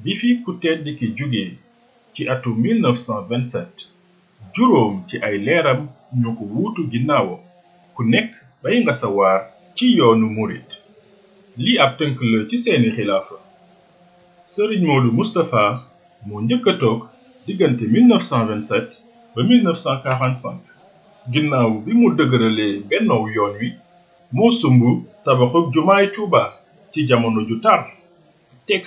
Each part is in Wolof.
bi fi ku tedd ki jóge ci atu 1927 juróom ci ay leeram ñu ko wuutu ginnaawam ku nekk bay nga sa waar ci yoonu murit lii ab tënk la ci seeni xilaafa sëriñ Moodu Moustapha moo njëkk diggante 1927 ba ginnaaw bi mu dëgëralee bennoow yoon wi moo sumb tabaxub jumaay Tuuba ci jamono ju tar teg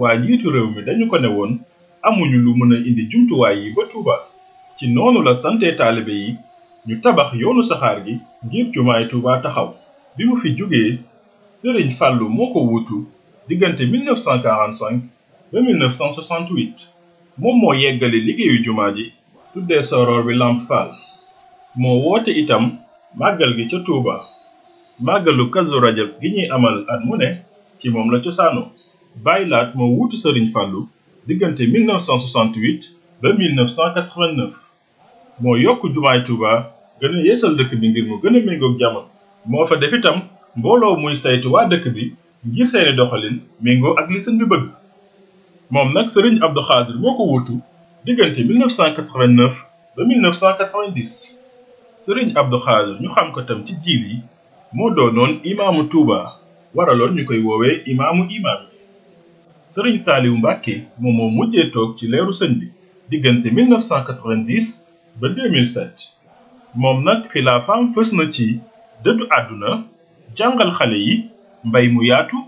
waa njiitu réew mi dañu ko ne woon amuñu lu mën a indi jumtuwaay yi ba Touba ci noonu la sante taalibe yi ñu tabax yoonu saxaar gi ngir jumaay Touba taxaw bi mu fi jógee Sëriñ Fàllu moo ko wuutu diggante 1945 ba 1968 moom moo yeggale liggéeyu jumaa ji tuddee soroor bi Lamp Fall moo woote itam màggal gi ca Touba màggalu Kazu Rajab gi ñuy amal at mu ne ci moom la cosaanoo Baye Laat moo wuutu Serigne Fallou diggante 1968 ba 1989 moo yokk jumaay Touba gën a yeesal dëkk bi ngir mu gën a méngoog moo fa def itam mbooloo muy saytu waa dëkk bi ngir seeni doxalin méngoo ak li sëñ bi bëgg moom nag Serigne Abdou Khadir moo ko wuutu diggante 1989 ba 1990 Serigne Abdou Khadir ñu xam ko tam ci jiir yi moo doonoon imaamu Touba waraloon ñu koy woowee imaamu imaam. sëriñ wu mbàkke moom moo mujjee toog ci leeru sëñ bi diggante 1990 ba 2007 moom nag xilaafaam fës na ci dëddu àdduna jàngal xale yi mbay mu yaatu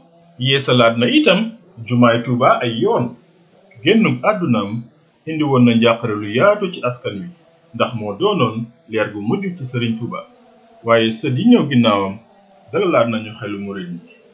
yeesalaat na itam jumaay tuuba ay yoon génnug àddunaam indi woon na njàqare lu yaatu ci askan wi ndax moo doonoon leer bu mujj ci sëriñ tuuba waaye sët yi ñëw ginnaawam dalalaat nañu xelu murid yi